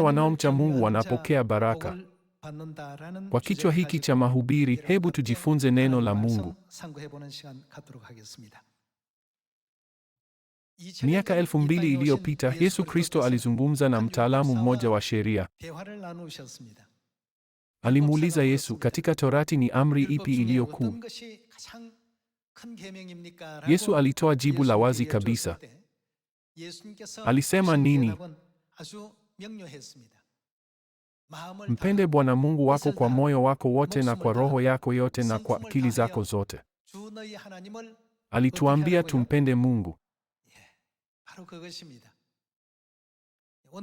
wale wanaomcha Mungu wanapokea baraka. Kwa kichwa hiki cha mahubiri, hebu tujifunze neno la Mungu. Miaka elfu mbili iliyopita Yesu Kristo alizungumza na mtaalamu mmoja wa sheria. Alimuuliza Yesu, katika Torati ni amri ipi iliyo kuu? Yesu alitoa jibu la wazi kabisa. Alisema nini? Mpende Bwana Mungu wako kwa moyo wako wote na kwa roho yako yote na kwa akili zako zote. Alituambia tumpende Mungu.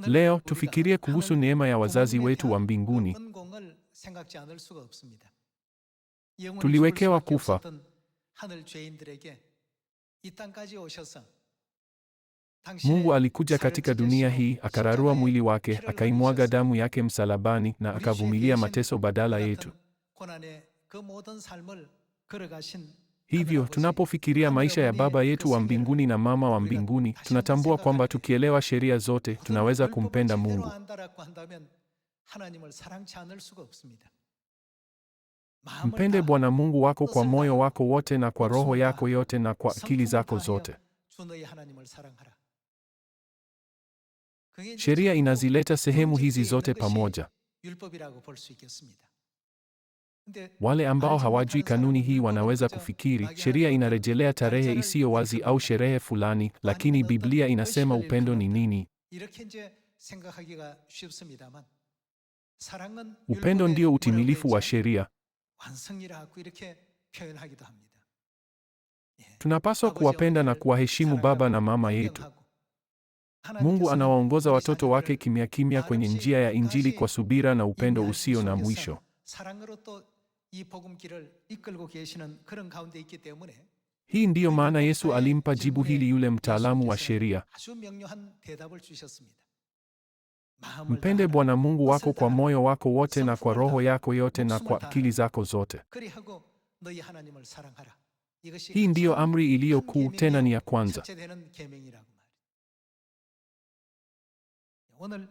Leo tufikirie kuhusu neema ya wazazi wetu wa mbinguni. Tuliwekewa kufa. Mungu alikuja katika dunia hii, akararua mwili wake, akaimwaga damu yake msalabani na akavumilia mateso badala yetu. Hivyo tunapofikiria maisha ya Baba yetu wa mbinguni na Mama wa mbinguni, tunatambua kwamba tukielewa sheria zote, tunaweza kumpenda Mungu. Mpende Bwana Mungu wako kwa moyo wako wote na kwa roho yako yote na kwa akili zako zote. Sheria inazileta sehemu hizi zote pamoja. Wale ambao hawajui kanuni hii wanaweza kufikiri sheria inarejelea tarehe isiyo wazi au sherehe fulani, lakini Biblia inasema upendo ni nini? Upendo ndio utimilifu wa sheria. Tunapaswa kuwapenda na kuwaheshimu baba na mama yetu. Mungu anawaongoza watoto wake kimya kimya kwenye njia ya Injili kwa subira na upendo usio na mwisho. Hii ndiyo maana Yesu alimpa jibu hili yule mtaalamu wa sheria. Mpende Bwana Mungu wako kwa moyo wako wote na kwa roho yako yote na kwa akili zako zote. Hii ndiyo amri iliyo kuu, tena ni ya kwanza.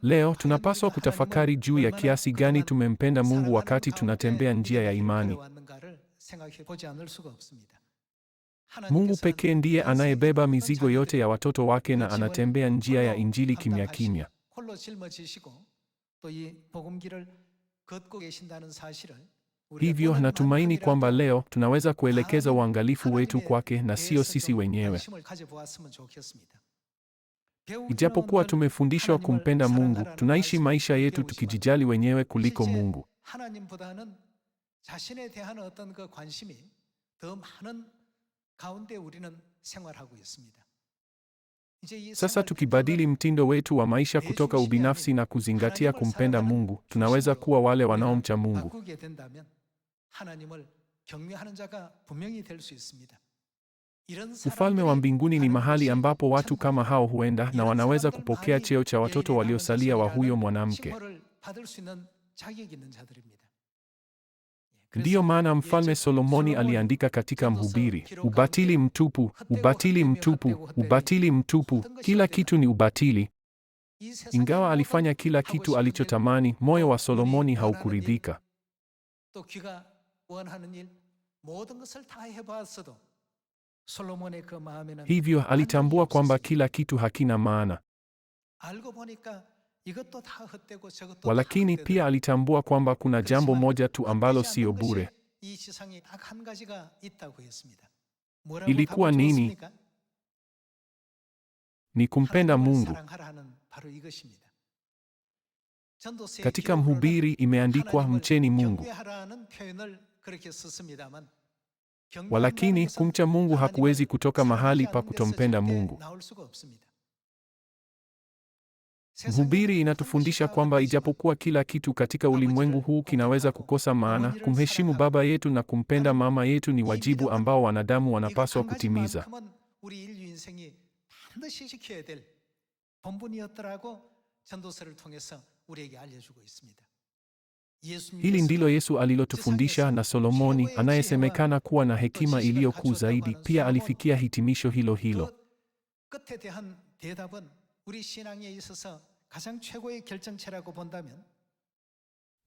Leo tunapaswa kutafakari juu ya kiasi gani tumempenda Mungu wakati tunatembea njia ya imani. Mungu pekee ndiye anayebeba mizigo yote ya watoto wake na anatembea njia ya Injili kimya kimya. Hivyo natumaini kwamba leo tunaweza kuelekeza uangalifu wetu kwake na sio sisi wenyewe. Ijapokuwa tumefundishwa kumpenda Mungu, tunaishi maisha yetu tukijijali wenyewe kuliko Mungu. Sasa tukibadili mtindo wetu wa maisha kutoka ubinafsi na kuzingatia kumpenda Mungu, tunaweza kuwa wale wanaomcha Mungu. Ufalme wa mbinguni ni mahali ambapo watu kama hao huenda na wanaweza kupokea cheo cha watoto waliosalia wa huyo mwanamke. Ndiyo maana mfalme Solomoni aliandika katika Mhubiri, ubatili mtupu, ubatili mtupu, ubatili mtupu, kila kitu ni ubatili. Ingawa alifanya kila kitu alichotamani, moyo wa Solomoni haukuridhika. Hivyo alitambua kwamba kila kitu hakina maana. Walakini pia alitambua kwamba kuna jambo moja tu ambalo sio bure. Ilikuwa nini? Ni kumpenda Mungu. Katika Mhubiri imeandikwa mcheni Mungu. Walakini kumcha Mungu hakuwezi kutoka mahali pa kutompenda Mungu. Mhubiri inatufundisha kwamba ijapokuwa kila kitu katika ulimwengu huu kinaweza kukosa maana, kumheshimu baba yetu na kumpenda mama yetu ni wajibu ambao wanadamu wanapaswa kutimiza. Hili ndilo Yesu alilotufundisha, na Solomoni anayesemekana kuwa na hekima iliyo kuu zaidi pia alifikia hitimisho hilo hilo.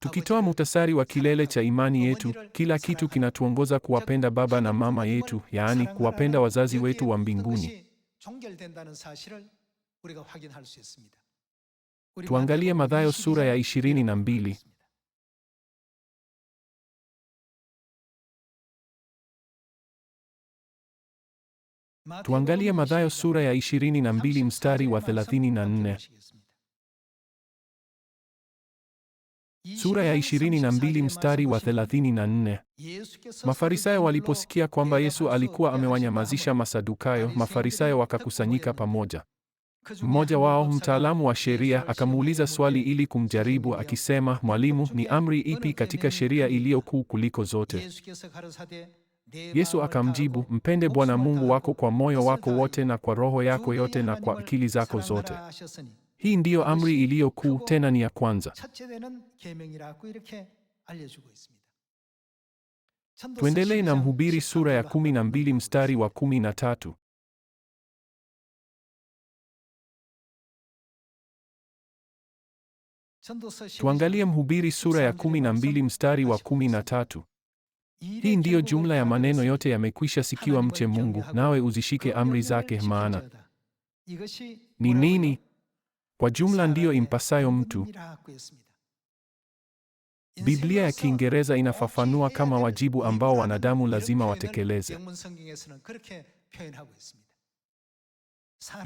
Tukitoa mutasari wa kilele cha imani yetu, kila kitu kinatuongoza kuwapenda baba na mama yetu, yaani kuwapenda wazazi wetu wa mbinguni. Tuangalie Mathayo sura ya 22. Tuangalie Mathayo sura ya 22 mstari wa 34. Sura ya 22 mstari wa 34. Mafarisayo waliposikia kwamba Yesu alikuwa amewanyamazisha Masadukayo, Mafarisayo wakakusanyika pamoja. Mmoja wao mtaalamu wa sheria akamuuliza swali ili kumjaribu akisema, Mwalimu, ni amri ipi katika sheria iliyo kuu kuliko zote? Yesu akamjibu, mpende Bwana Mungu wako kwa moyo wako wote na kwa roho yako yote na kwa akili zako zote. Hii ndiyo amri iliyo kuu, tena ni ya kwanza. Tuendelee na Mhubiri sura ya 12 mstari wa 13. Tuangalie Mhubiri sura ya 12 mstari wa 13. Hii ndiyo jumla ya maneno yote yamekwisha sikiwa, mche Mungu nawe uzishike amri zake. Maana ni nini? Kwa jumla ndiyo impasayo mtu. Biblia ya Kiingereza inafafanua kama wajibu ambao wanadamu lazima watekeleze.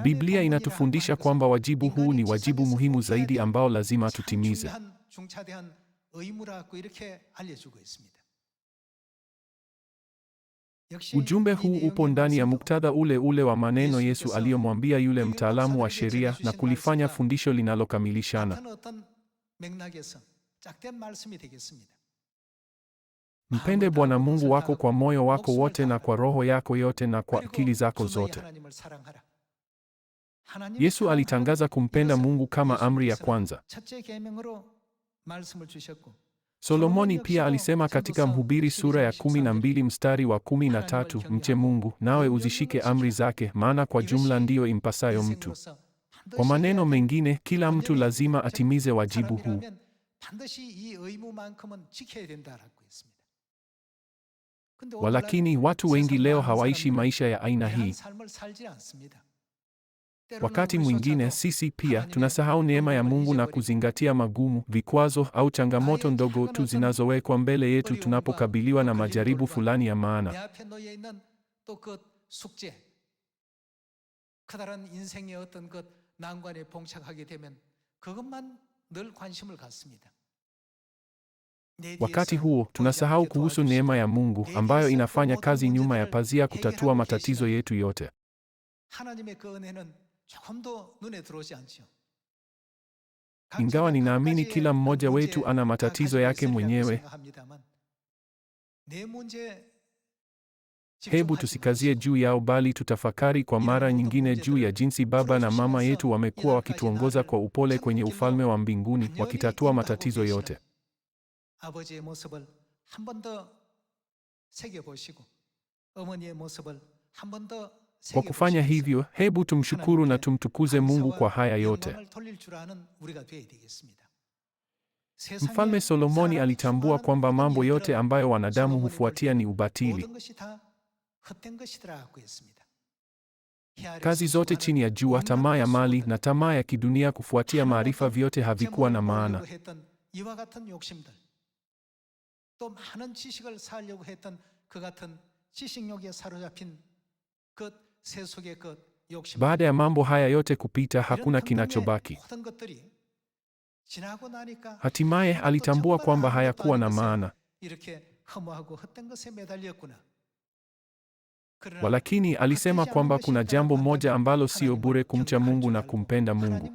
Biblia inatufundisha kwamba wajibu huu ni wajibu muhimu zaidi ambao lazima tutimize. Ujumbe huu upo ndani ya muktadha ule ule wa maneno Yesu aliyomwambia yule mtaalamu wa sheria na kulifanya fundisho linalokamilishana. Mpende Bwana Mungu wako kwa moyo wako wote na kwa roho yako yote na kwa akili zako zote. Yesu alitangaza kumpenda Mungu kama amri ya kwanza. Solomoni pia alisema katika Mhubiri sura ya kumi na mbili mstari wa kumi na tatu mche Mungu nawe uzishike amri zake, maana kwa jumla ndiyo impasayo mtu. Kwa maneno mengine, kila mtu lazima atimize wajibu huu. Walakini watu wengi leo hawaishi maisha ya aina hii. Wakati mwingine sisi pia tunasahau neema ya Mungu na kuzingatia magumu, vikwazo au changamoto ndogo tu zinazowekwa mbele yetu tunapokabiliwa na majaribu fulani ya maana. Wakati huo tunasahau kuhusu neema ya Mungu ambayo inafanya kazi nyuma ya pazia kutatua matatizo yetu yote. Ingawa ninaamini kila mmoja wetu ana matatizo yake mwenyewe, hebu tusikazie juu yao, bali tutafakari kwa mara nyingine juu ya jinsi Baba na Mama yetu wamekuwa wakituongoza kwa upole kwenye ufalme wa mbinguni, wakitatua matatizo yote. Kwa kufanya hivyo, hebu tumshukuru na tumtukuze Mungu kwa haya yote. Mfalme Solomoni alitambua kwamba mambo yote ambayo wanadamu hufuatia ni ubatili. Kazi zote chini ya jua, tamaa ya mali na tamaa ya kidunia kufuatia maarifa, vyote havikuwa na maana. Baada ya mambo haya yote kupita, hakuna kinachobaki. Hatimaye alitambua kwamba hayakuwa na maana, walakini alisema kwamba kuna jambo moja ambalo sio bure: kumcha Mungu na kumpenda Mungu.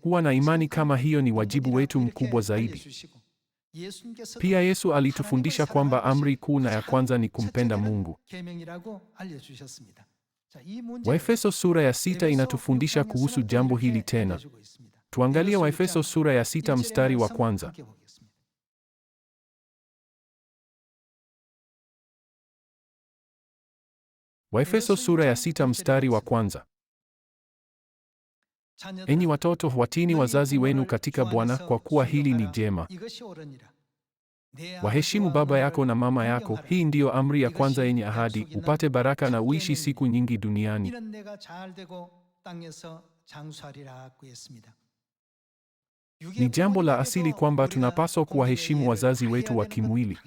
Kuwa na imani kama hiyo ni wajibu wetu mkubwa zaidi. Pia Yesu alitufundisha kwamba amri kuu na ya kwanza ni kumpenda Mungu. Waefeso sura ya sita inatufundisha kuhusu jambo hili tena. Tuangalie Waefeso sura ya sita mstari wa kwanza. Waefeso sura ya sita mstari wa kwanza. Enyi watoto, watini wazazi wenu katika Bwana, kwa kuwa hili ni jema. Waheshimu baba yako na mama yako, hii ndiyo amri ya kwanza yenye ahadi, upate baraka na uishi siku nyingi duniani. Ni jambo la asili kwamba tunapaswa kuwaheshimu wazazi wetu wa kimwili,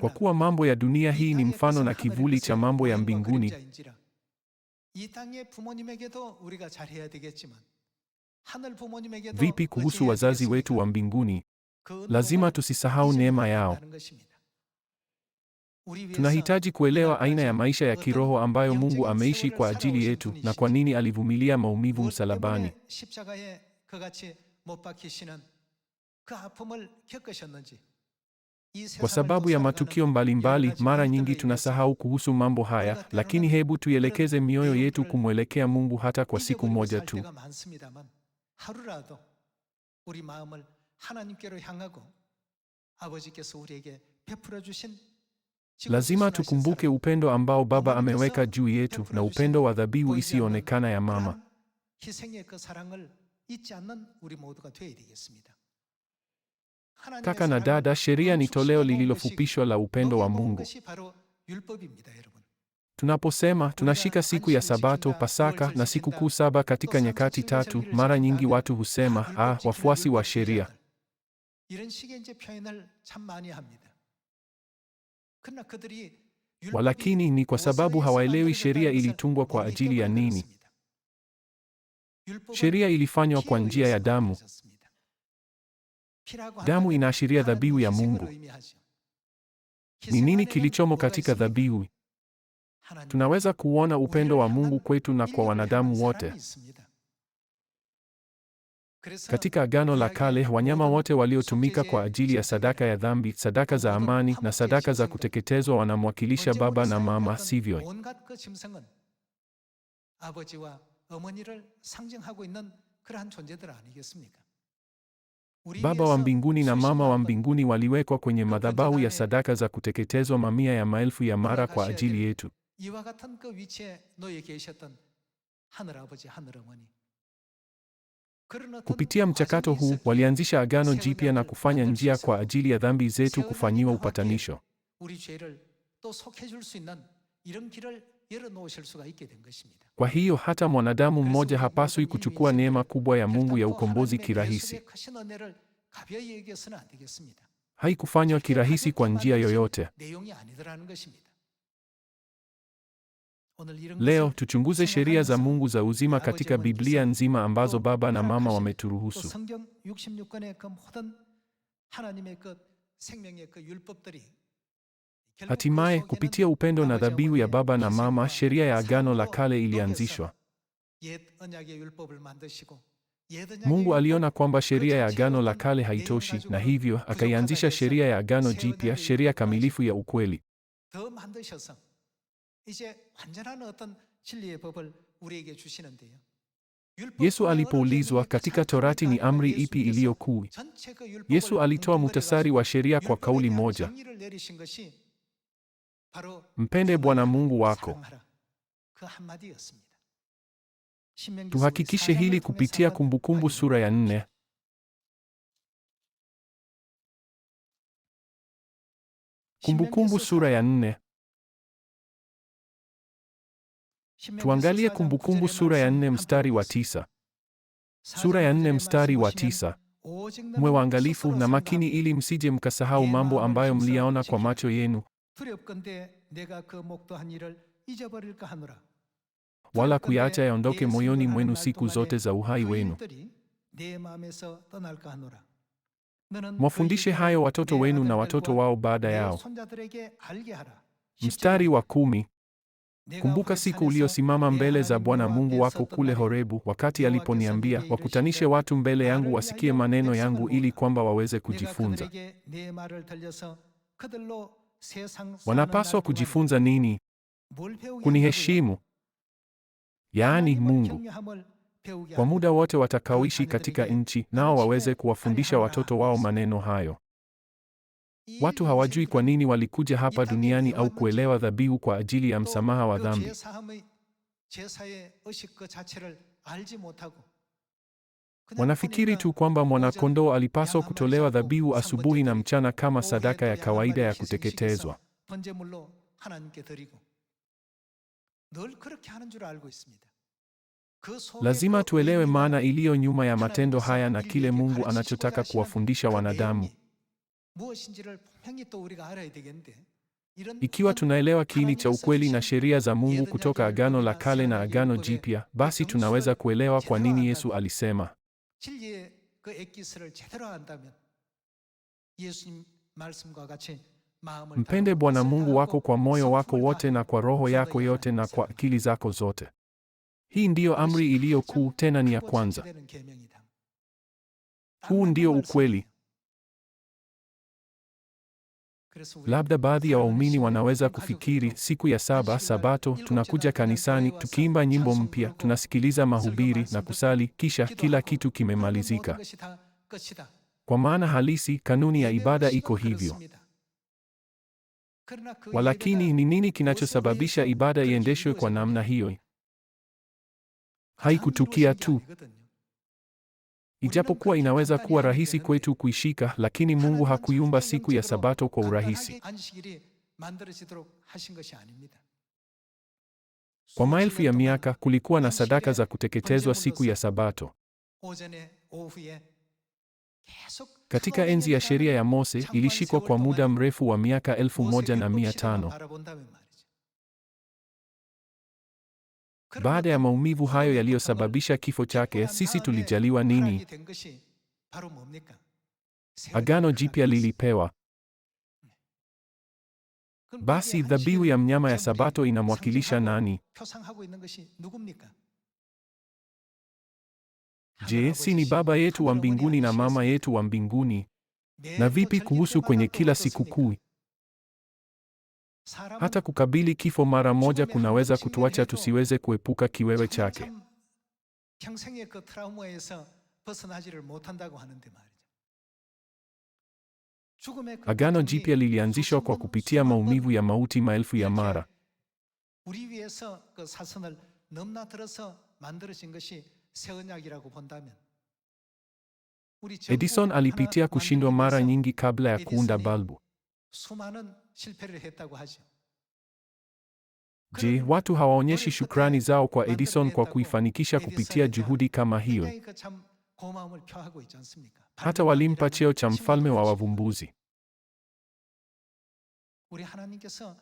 kwa kuwa mambo ya dunia hii ni mfano na kivuli cha mambo ya mbinguni. Vipi kuhusu wazazi wetu wa mbinguni? Lazima tusisahau neema yao. Tunahitaji kuelewa aina ya maisha ya kiroho ambayo Mungu ameishi kwa ajili yetu na kwa nini alivumilia maumivu msalabani. Kwa sababu ya matukio mbalimbali, mara nyingi tunasahau kuhusu mambo haya, lakini hebu tuielekeze mioyo yetu kumwelekea Mungu hata kwa siku moja tu. Lazima tukumbuke upendo ambao Baba ameweka juu yetu na upendo wa dhabihu isiyoonekana ya mama. Kaka na dada, sheria ni toleo lililofupishwa la upendo wa Mungu. Tunaposema tunashika siku ya Sabato, Pasaka na siku kuu saba katika nyakati tatu, mara nyingi watu husema ah, wafuasi wa sheria. Walakini ni kwa sababu hawaelewi sheria ilitungwa kwa ajili ya nini. Sheria ilifanywa kwa njia ya damu. Damu inaashiria dhabihu ya Mungu. Ni nini kilichomo katika dhabihu? Tunaweza kuona upendo wa Mungu kwetu na kwa wanadamu wote. Katika Agano la Kale, wanyama wote waliotumika kwa ajili ya sadaka ya dhambi, sadaka za amani na sadaka za kuteketezwa wanamwakilisha baba na mama, sivyo? Baba wa mbinguni na Mama wa mbinguni waliwekwa kwenye madhabahu ya sadaka za kuteketezwa mamia ya maelfu ya mara kwa ajili yetu. Kupitia mchakato huu walianzisha agano jipya na kufanya njia kwa ajili ya dhambi zetu kufanyiwa upatanisho. Kwa hiyo hata mwanadamu mmoja hapaswi kuchukua neema kubwa ya Mungu ya ukombozi kirahisi. Haikufanywa kirahisi kwa njia yoyote. Leo tuchunguze sheria za Mungu za uzima katika Biblia nzima ambazo Baba na Mama wameturuhusu. Hatimaye, kupitia upendo na dhabihu ya baba na mama, sheria ya Agano la Kale ilianzishwa. Mungu aliona kwamba sheria ya Agano la Kale haitoshi, na hivyo akaianzisha sheria ya Agano Jipya, sheria kamilifu ya ukweli. Yesu alipoulizwa katika Torati ni amri ipi iliyo kuu, Yesu alitoa mutasari wa sheria kwa kauli moja. Mpende Bwana Mungu wako. Tuhakikishe hili kupitia Kumbukumbu sura ya nne. Kumbukumbu sura ya nne. Tuangalie Kumbukumbu sura ya nne mstari wa tisa. Sura ya nne mstari wa tisa. Mwe waangalifu na makini ili msije mkasahau mambo ambayo mliyaona kwa macho yenu, 두렵건대 내가 그 목도한 일을 잊어버릴까 하노라. Wala kuyaacha yaondoke moyoni mwenu siku zote za uhai wenu. Mwafundishe hayo watoto wenu na watoto wao baada yao. Mstari wa kumi. Kumbuka siku uliosimama mbele za Bwana Mungu wako kule Horebu, wakati aliponiambia, wakutanishe watu mbele yangu wasikie maneno yangu ili kwamba waweze kujifunza wanapaswa kujifunza nini? Kuniheshimu, yaani Mungu, kwa muda wote watakaoishi katika nchi, nao waweze kuwafundisha watoto wao maneno hayo. Watu hawajui kwa nini walikuja hapa duniani au kuelewa dhabihu kwa ajili ya msamaha wa dhambi. Wanafikiri tu kwamba mwanakondoo alipaswa kutolewa dhabihu asubuhi na mchana kama sadaka ya kawaida ya kuteketezwa. Lazima tuelewe maana iliyo nyuma ya matendo haya na kile Mungu anachotaka kuwafundisha wanadamu. Ikiwa tunaelewa kiini cha ukweli na sheria za Mungu kutoka Agano la Kale na Agano Jipya, basi tunaweza kuelewa kwa nini Yesu alisema 진리의 그 액기스를 제대로 안다면 예수님 말씀과 같이 Mpende Bwana Mungu wako kwa moyo wako wote na kwa roho yako yote na kwa akili zako zote. Hii ndiyo amri iliyo kuu, tena ni ya kwanza. Huu ndio ukweli. Labda baadhi ya waumini wanaweza kufikiri siku ya saba, Sabato, tunakuja kanisani, tukiimba nyimbo mpya, tunasikiliza mahubiri na kusali, kisha kila kitu kimemalizika. Kwa maana halisi, kanuni ya ibada iko hivyo. Walakini, ni nini kinachosababisha ibada iendeshwe kwa namna hiyo? Haikutukia tu. Ijapokuwa inaweza kuwa rahisi kwetu kuishika, lakini Mungu hakuiumba siku ya Sabato kwa urahisi. Kwa maelfu ya miaka kulikuwa na sadaka za kuteketezwa siku ya Sabato. Katika enzi ya sheria ya Mose ilishikwa kwa muda mrefu wa miaka elfu moja na mia tano. Baada ya maumivu hayo yaliyosababisha kifo chake, sisi tulijaliwa nini? Agano Jipya lilipewa. Basi dhabihu ya mnyama ya Sabato inamwakilisha nani? Je, si ni Baba yetu wa mbinguni na Mama yetu wa mbinguni? Na vipi kuhusu kwenye kila sikukuu? Hata kukabili kifo mara moja kunaweza kutuacha tusiweze kuepuka kiwewe chake. Agano Jipya lilianzishwa kwa kupitia maumivu ya mauti maelfu ya mara. Edison alipitia kushindwa mara nyingi kabla ya kuunda balbu. Je, watu hawaonyeshi shukrani zao kwa Edison kwa kuifanikisha kupitia juhudi kama hiyo? Hata walimpa cheo cha mfalme wa wavumbuzi.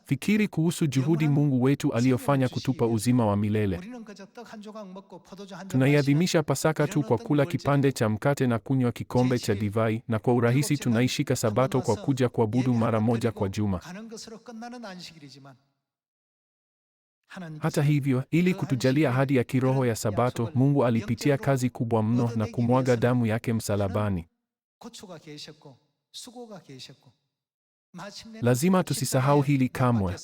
Fikiri kuhusu juhudi Mungu wetu aliyofanya kutupa uzima wa milele. Tunaiadhimisha Pasaka tu kwa kula kipande cha mkate na kunywa kikombe cha divai, na kwa urahisi tunaishika Sabato kwa kuja kuabudu mara moja kwa juma. Hata hivyo, ili kutujalia ahadi ya kiroho ya Sabato, Mungu alipitia kazi kubwa mno na kumwaga damu yake msalabani. Lazima tusisahau hili kamwe.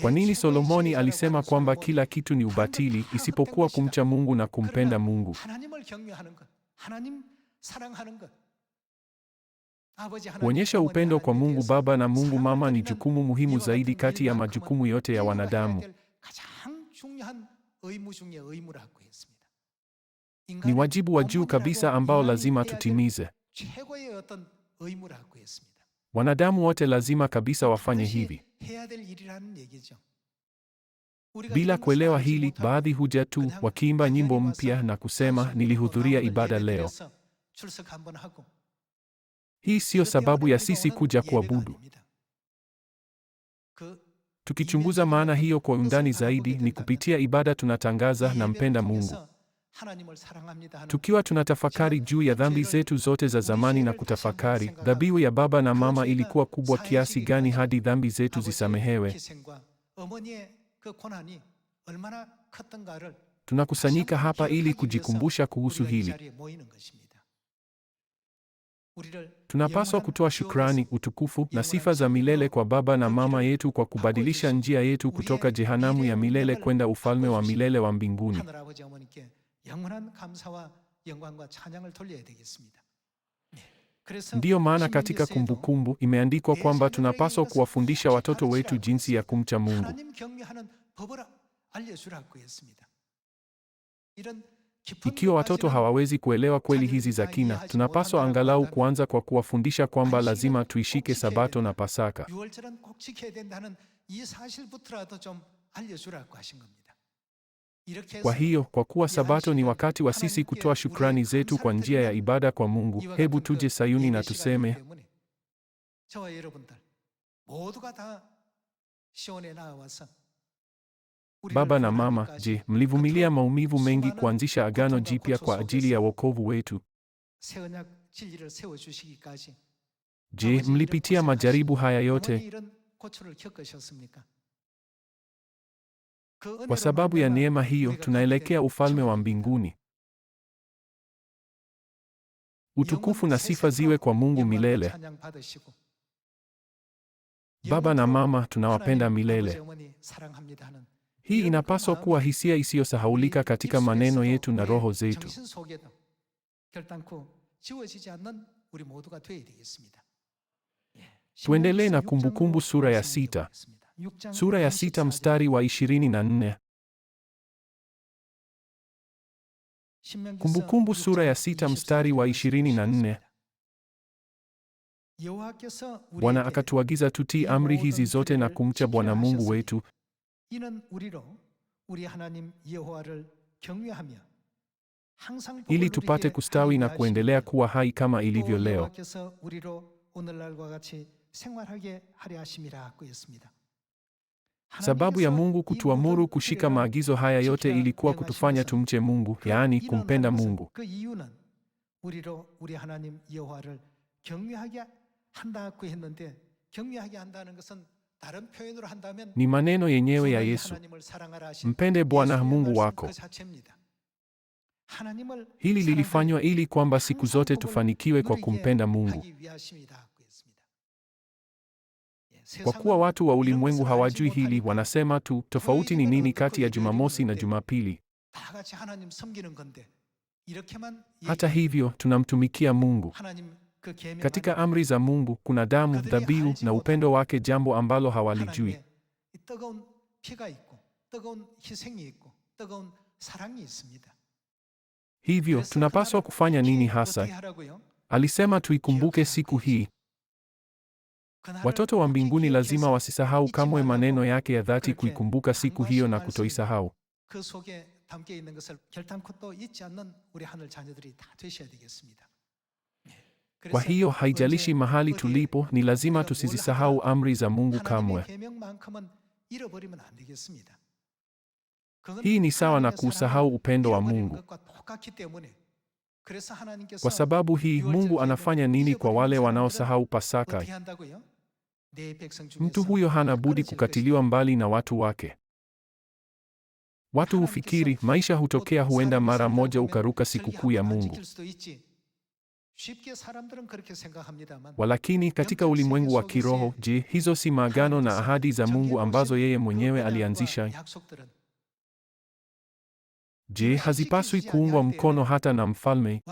Kwa nini Solomoni alisema kwamba kila kitu ni ubatili isipokuwa kumcha Mungu na kumpenda Mungu? Kuonyesha upendo kwa Mungu Baba na Mungu Mama ni jukumu muhimu zaidi kati ya majukumu yote ya wanadamu. Ni wajibu wa juu kabisa ambao lazima tutimize. Wanadamu wote lazima kabisa wafanye hivi. Bila kuelewa hili, baadhi huja tu wakiimba nyimbo mpya na kusema nilihudhuria ibada leo. Hii siyo sababu ya sisi kuja kuabudu. Tukichunguza maana hiyo kwa undani zaidi, ni kupitia ibada tunatangaza na mpenda Mungu. Tukiwa tunatafakari juu ya dhambi zetu zote za zamani na kutafakari dhabihu ya baba na mama ilikuwa kubwa kiasi gani hadi dhambi zetu zisamehewe, tunakusanyika hapa ili kujikumbusha kuhusu hili. Tunapaswa kutoa shukrani, utukufu na sifa za milele kwa Baba na Mama yetu kwa kubadilisha njia yetu kutoka jehanamu ya milele kwenda ufalme wa milele wa mbinguni. Ndiyo maana katika Kumbukumbu imeandikwa kwamba tunapaswa kuwafundisha watoto wetu jinsi ya kumcha Mungu. Ikiwa watoto hawawezi kuelewa kweli hizi za kina, tunapaswa angalau kuanza kwa kuwafundisha kwamba lazima tuishike Sabato na Pasaka. Kwa hiyo, kwa kuwa yaani Sabato ni wakati wa sisi kutoa shukrani zetu kwa njia ya ibada kwa Mungu, hebu tuje Sayuni na tuseme Baba na mama, je, mlivumilia maumivu mengi kuanzisha agano jipya kwa ajili ya wokovu wetu? Je, mlipitia majaribu haya yote? Kwa sababu ya neema hiyo tunaelekea ufalme wa mbinguni. Utukufu na sifa ziwe kwa Mungu milele. Baba na mama tunawapenda milele. Hii inapaswa kuwa hisia isiyosahaulika katika maneno yetu na roho zetu. Tuendelee na Kumbukumbu sura ya sita sura ya sita mstari wa ishirini na nne. Kumbukumbu sura ya sita mstari wa ishirini na nne. Bwana akatuagiza tutii amri hizi zote na kumcha Bwana Mungu wetu. Ili tupate kustawi na kuendelea kuwa hai kama ilivyo leo. Sababu ya Mungu kutuamuru kushika maagizo haya yote ilikuwa kutufanya tumche Mungu, yaani kumpenda Mungu. Ni maneno yenyewe ya Yesu, mpende Bwana Mungu wako. Hili lilifanywa ili kwamba siku zote tufanikiwe kwa kumpenda Mungu. Kwa kuwa watu wa ulimwengu hawajui hili, wanasema tu, tofauti ni nini kati ya Jumamosi na Jumapili? Hata hivyo, tunamtumikia Mungu. Katika amri za Mungu kuna damu, dhabihu na upendo wake, jambo ambalo hawalijui. Hivyo tunapaswa kufanya nini hasa? Alisema tuikumbuke siku hii. Watoto wa mbinguni lazima wasisahau kamwe maneno yake ya dhati, kuikumbuka siku hiyo na kutoisahau. Kwa hiyo haijalishi mahali tulipo, ni lazima tusizisahau amri za Mungu kamwe. Hii ni sawa na kuusahau upendo wa Mungu. Kwa sababu hii, Mungu anafanya nini kwa wale wanaosahau Pasaka? Mtu huyo hana budi kukatiliwa mbali na watu wake. Watu hufikiri maisha hutokea, huenda mara moja ukaruka sikukuu ya Mungu. Walakini katika ulimwengu wa kiroho, je, hizo si maagano na ahadi za Mungu ambazo yeye mwenyewe alianzisha? Je, hazipaswi kuungwa mkono hata na mfalme?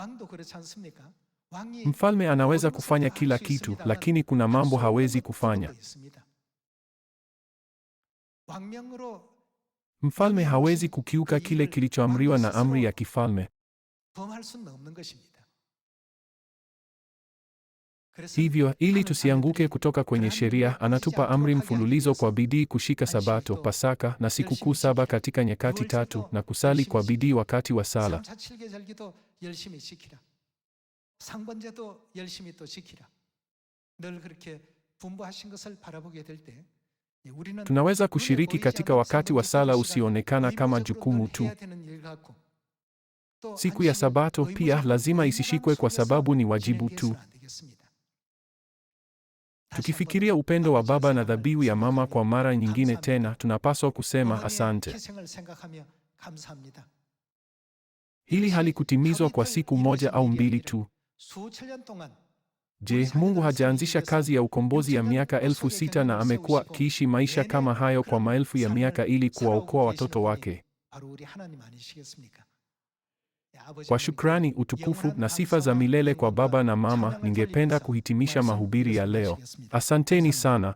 Mfalme anaweza kufanya kila kitu, lakini kuna mambo hawezi kufanya. Mfalme hawezi kukiuka kile kilichoamriwa na amri ya kifalme. Hivyo, ili tusianguke kutoka kwenye sheria, anatupa amri mfululizo kwa bidii kushika Sabato, Pasaka na sikukuu saba katika nyakati tatu na kusali kwa bidii wakati wa sala. 상번제도 열심히 또 지키라. 늘 그렇게 분부하신 것을 바라보게 될 때, tunaweza kushiriki katika wakati wa sala usioonekana kama jukumu tu. Siku ya Sabato pia lazima isishikwe kwa sababu ni wajibu tu. Tukifikiria upendo wa Baba na dhabihu ya Mama kwa mara nyingine tena, tunapaswa kusema asante. Hili halikutimizwa kwa siku moja au mbili tu. Je, Mungu hajaanzisha kazi ya ukombozi ya miaka elfu sita na amekuwa akiishi maisha kama hayo kwa maelfu ya miaka ili kuwaokoa watoto wake? Kwa shukrani, utukufu na sifa za milele kwa Baba na Mama, ningependa kuhitimisha mahubiri ya leo. Asanteni sana.